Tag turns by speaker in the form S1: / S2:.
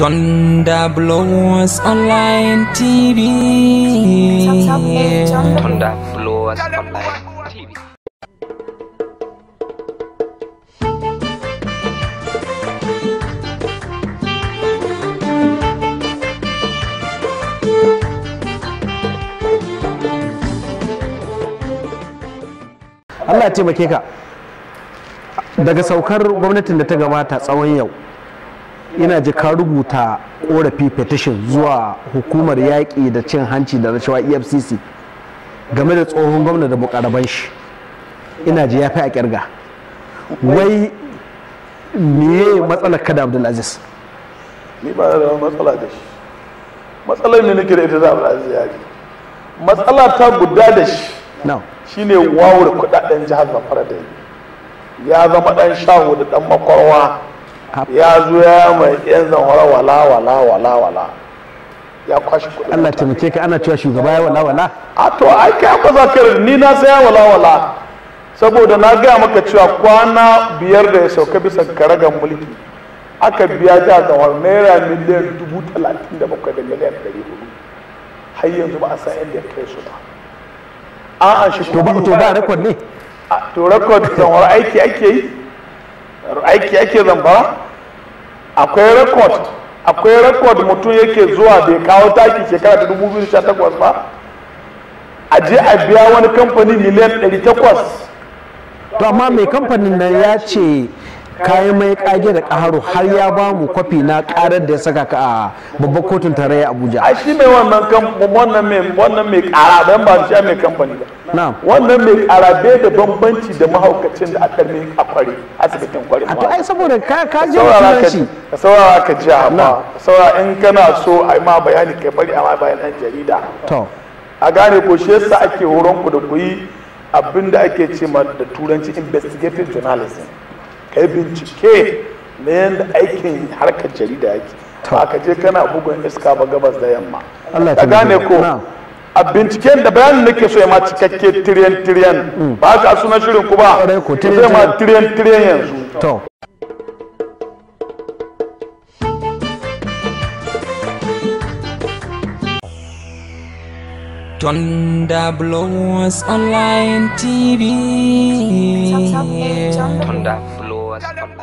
S1: Thunder Blowers Online TV. Thunder
S2: Blowers Online TV. Allah ya taimake ka daga saukar gwamnatin da ta gabata tsawon yau ina ji ka rubuta korafi petition zuwa hukumar yaƙi da cin hanci da rashawa efcc game da tsohon gwamna da mukaraban shi ina ji ya fi a kirga wai meye matsalar kada abdulaziz
S1: ni ba da matsala da shi matsalar ne nake da ita za abdulaziz ya ji matsala ta guda da shi shine wawar kudaden jihar Zafar da ya zama dan shaho da dan makwarwa ya zo ya mai yan zanwara wala wala wala wala ya kwashi kuɗi
S2: Allah taimake ka ana cewa shugaba ya wala wala
S1: a to ai kai kwasa zakar ni na saya wala wala saboda na gaya maka cewa kwana biyar da ya sauka bisa karagan mulki aka biya ta zawar naira miliyan dubu talatin da bakwai da miliyan dari hudu har yanzu ba a san inda ya kai su ba A'a an shi to ba rekod ne to rekod zawar aiki ake yi aiki ake zamba akwai rekod akwai rekod mutum yake zuwa bai kawo taki shekara ta 2018 ba a je a biya wani kamfani miliyan 800
S2: to amma mai kamfanin nan ya ce kayan mai kage da ƙaharu har ya ba mu kwafi na ƙarar da ya saka ka a babbar kotun tarayya abuja a shi mai wannan wannan mai wannan mai ƙara don ba shi mai kamfani ba na'am wannan mai ƙara bai da
S1: bambanci da mahaukacin da aka mai a kware asibitin kware a to ai
S2: saboda ka ka je wa shi
S1: ka saurara ka ji amma saurara in kana so ai ma bayani kai bari a ma bayanan jarida to a gane ko shi yasa ake horon ku da ku yi abinda ake ce ma da turanci investigative journalism kai bincike na yadda aikin harkar jarida yake ba ka je kana bugun iska ba gabas da yamma ta gane ko a binciken da bayanin nake so ya ma cikakke tiriyan tiriyan mm. ba ka suna shirin ku ba zai ma tiriyan tiriyan yanzu Thunder Blows Online TV. Thunder. us.